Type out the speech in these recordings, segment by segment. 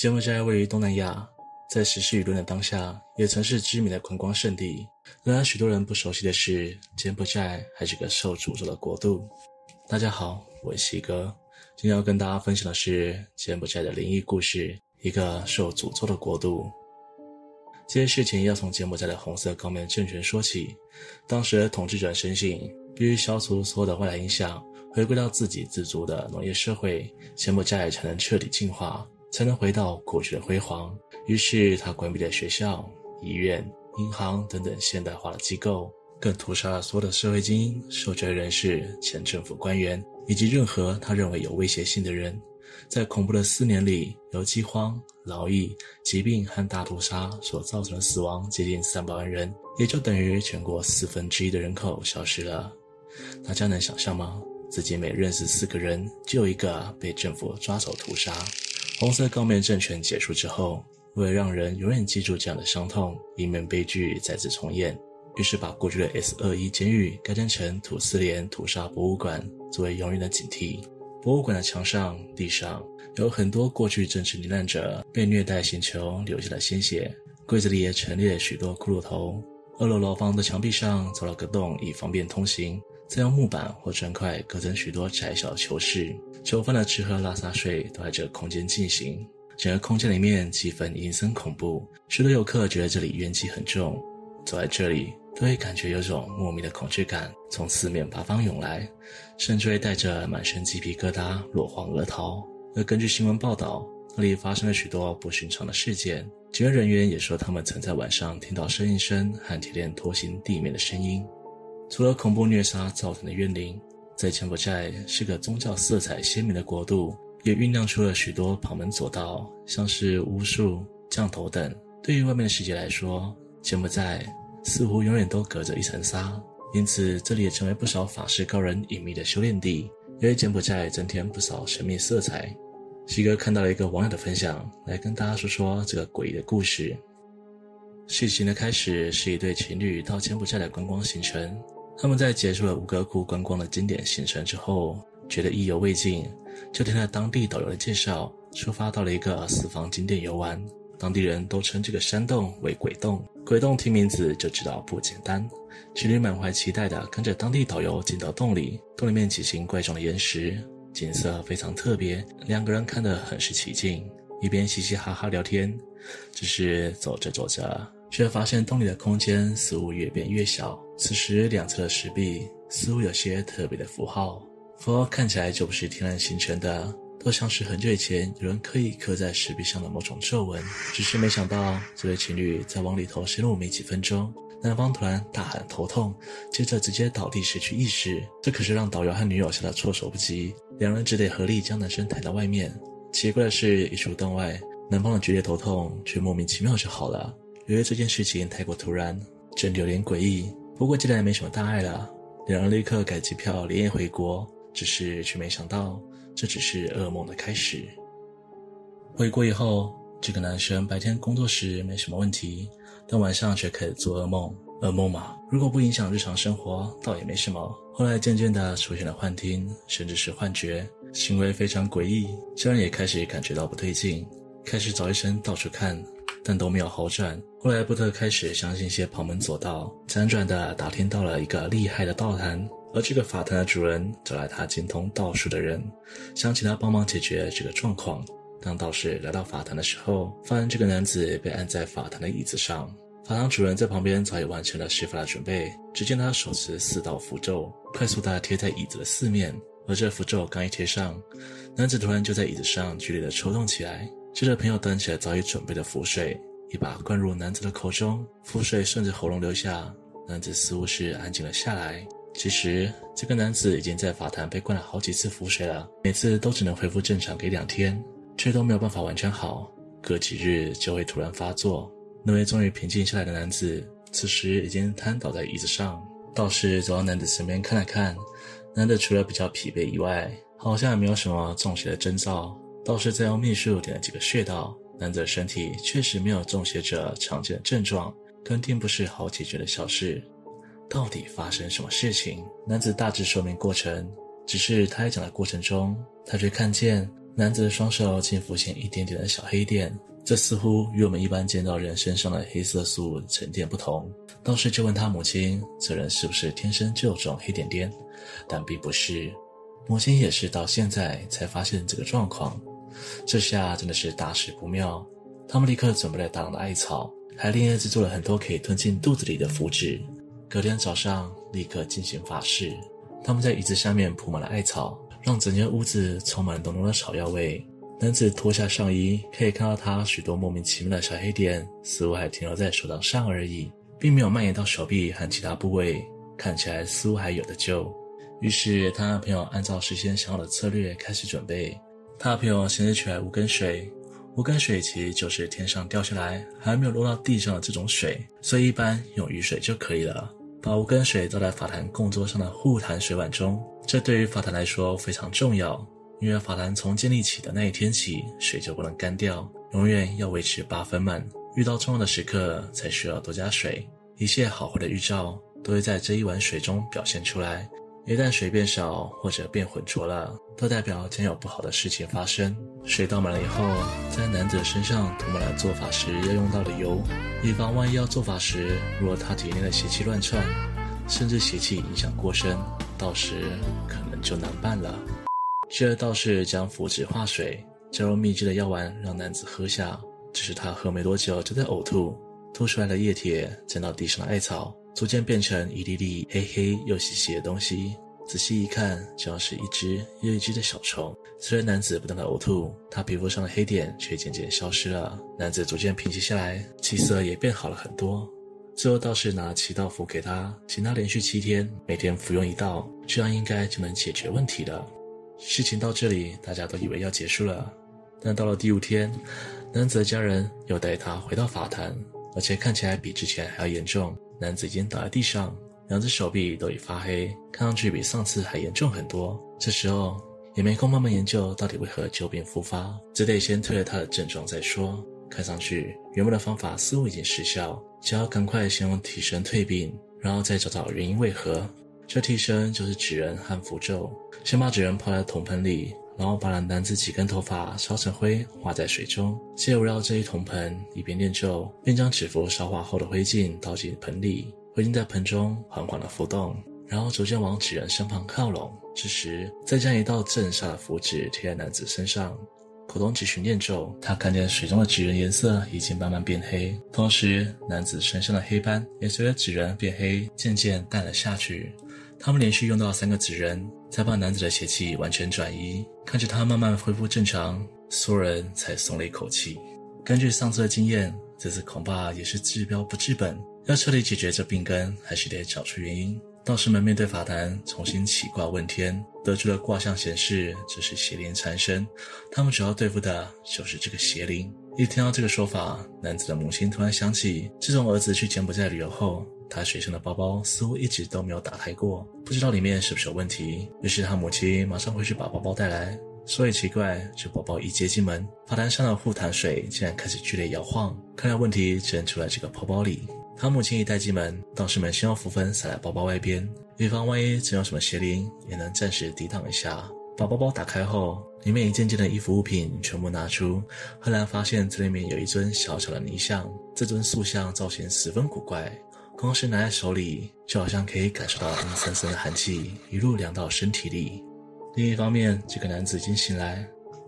柬埔寨位於東南亞，在時事輿論的當下，也曾是知名的觀光勝地。仍然而，許多人不熟悉的是，柬埔寨還是個受詛咒的國度。大家好，我是西哥，今天要跟大家分享的是柬埔寨的靈異故事——一個受詛咒的國度。這些事情要從柬埔寨的紅色高棉政權說起。當時統治者深信，必須消除所有的外來影響，回歸到自給自足的農業社會，柬埔寨才能徹底進化。才能回到過去的輝煌。於是，他關閉了學校、醫院、銀行等等現代化的機構，更屠殺了所有的社會精英、受教育人士、前政府官員以及任何他認為有威脅性的人。在恐怖的四年裡，由饑荒、勞役、疾病和大屠殺所造成的死亡接近三百萬人，也就等於全國四分之一的人口消失了。大家能想象嗎？自己每認識四個人，就有一個被政府抓走屠殺。紅色高棉政權結束之後，為了讓人永遠記住這樣的傷痛，以免悲劇再次重演，於是把過去的 S 二一監獄改建成吐斯廉屠殺博物館，作為永遠的警惕。博物館的牆上、地上有很多過去政治罹難者被虐待星球、刑求留下的鮮血，櫃子裡也陳列了許多骷髏頭，二樓牢房的牆壁上鑿了個洞，以方便通行。再用木板或磚塊隔成許多窄小的囚室，囚犯的吃喝拉撒睡都在這個空間進行。整個空間裡面氣氛陰森恐怖，許多遊客覺得這裡怨氣很重，走在這裡都會感覺有種莫名的恐懼感從四面八方湧來，甚至會帶着滿身雞皮疙瘩落荒而逃。而根據新聞報道，那裡發生了許多不尋常的事件，警衛人員也說他們曾在晚上聽到呻吟聲和鐵鏈拖行地面的聲音。除了恐怖虐殺造成的怨靈，在柬埔寨是個宗教色彩鮮明的國度，也醞釀出了許多旁門左道，像是巫術、降頭等。對於外面的世界來說，柬埔寨似乎永遠都隔着一層紗，因此這裡也成為不少法師高人隱秘的修煉地，也為柬埔寨增添不少神秘色彩。希哥看到了一個網友的分享，來跟大家說說這個詭異的故事。事情的開始是一對情侶到柬埔寨的觀光行程。他們在結束了吳哥窟觀光的經典行程之後，覺得意猶未盡，就聽了當地導遊的介紹，出發到了一個私房景點遊玩。當地人都稱這個山洞為“鬼洞”，“鬼洞”聽名字就知道不簡單。情侶滿懷期待的跟着當地導遊進到洞裡，洞裡面奇形怪狀的岩石，景色非常特別，兩個人看得很是起勁，一邊嘻嘻哈哈聊天。只是走着走着，卻發現洞裡的空間似乎越變越小。此時，兩側的石壁似乎有些特別的符號，符號看起來就不是天然形成的，倒像是很久以前有人刻意刻在石壁上的某種咒文。只是沒想到，這對情侶在往裡頭深入沒幾分鐘，男方突然大喊頭痛，接着直接倒地失去意識。這可是讓導遊和女友嚇得措手不及，兩人只得合力將男生抬到外面。奇怪的是，一出洞外，男方的劇烈頭痛卻莫名其妙就好了。由於這件事情太過突然，真的有點詭異。不過，既然沒什麼大礙了，兩人立刻改機票，連夜回國。只是卻沒想到，這只是噩夢的開始。回國以後，這個男生白天工作時沒什麼問題，但晚上卻開始做噩夢。噩夢嘛，如果不影響日常生活，倒也沒什麼。後來漸漸地出現了幻聽，甚至是幻覺，行為非常詭異。家人也開始感覺到不對勁，開始找醫生到處看。但都沒有好轉。後來，布特開始相信一些旁門左道，輾轉的打聽到了一個厲害的道壇，而這個法壇的主人找來他精通道術的人，想請他幫忙解決這個狀況。當道士來到法壇的時候，發現這個男子被按在法壇的椅子上，法壇主人在旁邊早已完成了施法的準備。只見他手持四道符咒，快速的貼在椅子的四面，而這符咒剛一貼上，男子突然就在椅子上劇烈的抽動起來。接着，記得朋友端起了早已準備的符水，一把灌入男子的口中。符水順着喉嚨流下，男子似乎是安靜了下來。其實，這個男子已經在法壇被灌了好幾次符水了，每次都只能恢復正常給兩天，卻都沒有辦法完全好，隔幾日就會突然發作。那位終於平靜下來的男子，此時已經癱倒在椅子上。道士走到男子身邊看了看，男子除了比較疲憊以外，好像也沒有什麼中邪的徵兆。道士再用秘術點了幾個穴道，男子的身體確實沒有中邪者常見的症狀，肯定不是好解決的小事。到底發生什麼事情？男子大致說明過程，只是他在講的過程中，他卻看見男子的雙手竟浮現一點點的小黑點，這似乎與我們一般見到人身上的黑色素沉澱不同。道士就問他母親：“這人是不是天生就有這種黑點點？”但並不是，母親也是到現在才發現這個狀況。這下真的是大事不妙，他們立刻準備了大量的艾草，還連夜製作了很多可以吞進肚子裡的符紙。隔天早上立刻進行法事，他們在椅子下面鋪滿了艾草，讓整間屋子充滿濃濃的草藥味。男子脫下上衣，可以看到他許多莫名其妙的小黑點，似乎還停留在手掌上而已，並沒有蔓延到手臂和其他部位，看起來似乎還有得救。於是他和朋友按照事先想好的策略開始準備。他朋友先是取來無根水，無根水其實就是天上掉下來還沒有落到地上的這種水，所以一般用雨水就可以了。把無根水倒在法壇供桌上的護壇水碗中，這對於法壇來說非常重要，因為法壇從建立起的那一天起，水就不能乾掉，永遠要維持八分滿，遇到重要的時刻才需要多加水。一切好壞的預兆都會在這一碗水中表現出來。一旦水變少或者變渾濁了，都代表將有不好的事情發生。水倒滿了以後，在男子身上塗抹了做法時要用到的油，以防萬一要做法時，如果他體內的邪氣亂竄，甚至邪氣影響過深，到時可能就難辦了。接着道士將符紙化水，加入秘製的藥丸讓男子喝下，只是他喝沒多久就在嘔吐，吐出來的液體沾到地上的艾草。逐漸變成一粒粒黑黑又細細的東西。仔細一看，就像是一隻又一隻的小蟲。雖然男子不斷的嘔吐，他皮膚上的黑點卻漸漸消失了。男子逐漸平息下來，氣色也變好了很多。最後道士拿七道符給他，請他連續七天，每天服用一道，這樣應該就能解決問題了。事情到這裡，大家都以為要結束了。但到了第五天，男子的家人又帶他回到法壇，而且看起來比之前還要嚴重。男子已經倒在地上，兩只手臂都已發黑，看上去比上次還嚴重很多。這時候也沒空慢慢研究到底為何舊病復發，只得先退了他的症狀再說。看上去原本的方法似乎已經失效，只要趕快先用替身退病，然後再找找原因為何。這替身就是紙人和符咒，先把紙人泡在銅盆裡。然後把男子幾根頭髮燒成灰，化在水中，借由圍繞這一銅盆一邊念咒，並將紙符燒化後的灰燼倒進盆裡。灰燼在盆中緩緩地浮動，然後逐漸往紙人身旁靠攏。這時，再將一道鎮煞的符紙貼在男子身上，口中繼續念咒。他看見水中的紙人顏色已經慢慢變黑，同時男子身上的黑斑也隨着紙人變黑漸漸淡了下去。他們連續用到三個紙人。才把男子的邪氣完全轉移，看着他慢慢恢復正常，所有人才鬆了一口氣。根據上次的經驗，這次恐怕也是治標不治本，要徹底解決這病根，還是得找出原因。道士們面對法壇，重新起卦問天，得出的卦象顯示這是邪靈纏身，他們主要對付的就是這個邪靈。一聽到這個說法，男子的母親突然想起，自從兒子去柬埔寨旅遊後，他隨身的包包似乎一直都沒有打開過，不知道裡面是不是有問題。於是他母親馬上回去把包包帶來。所以奇怪，這包包一接進門，法壇上的護壇水竟然開始劇烈搖晃，看來問題只能出在這個包包裡。他母親一帶進門，道士們先用符粉撒在包包外邊，以防萬一真有什麼邪靈，也能暫時抵擋一下。把包包打開後，裡面一件件的衣服物品全部拿出，赫然發現這裡面有一尊小小的泥像。這尊塑像造型十分古怪。光是拿在手裡，就好像可以感受到陰森森的寒氣，一路涼到身體裡。另一方面，這個男子已經醒來，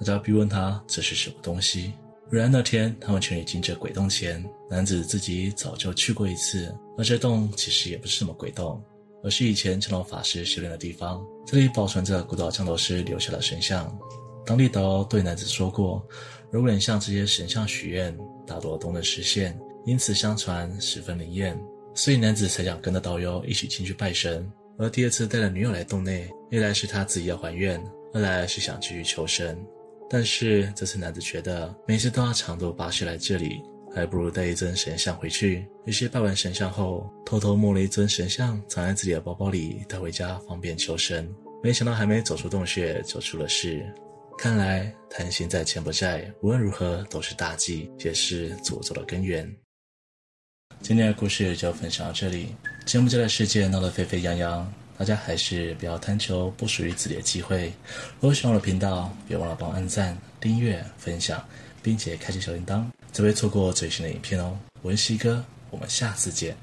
大家逼問他這是什麼東西。果然，那天他們全力進這鬼洞前，男子自己早就去過一次。而這洞其實也不是什麼鬼洞，而是以前降龍法師修煉的地方。這裡保存着古道降龍師留下的神像。當地導遊對男子說過，如果你向這些神像許願，大多都能實現，因此相傳十分靈驗。所以男子才想跟着導遊一起進去拜神，而第二次帶着女友來洞內，一來是他自己要還願，二來是想繼續求神。但是這次男子覺得每次都要長途跋涉來這裡，還不如帶一尊神像回去。於是拜完神像後，偷偷摸了一尊神像藏在自己的包包裡帶回家，方便求神。沒想到還沒走出洞穴，就出了事。看來貪心在柬埔寨無論如何都是大忌，也是詛咒的根源。今天的故事就分享到這裡。柬埔寨的事件鬧得沸沸揚揚，大家還是不要貪求不屬於自己的機會。如果喜歡我的頻道，別忘了幫我按讚、訂閱、分享，並且開啟小鈴鐺，就不會錯過最新的影片哦。我是西哥，我們下次見。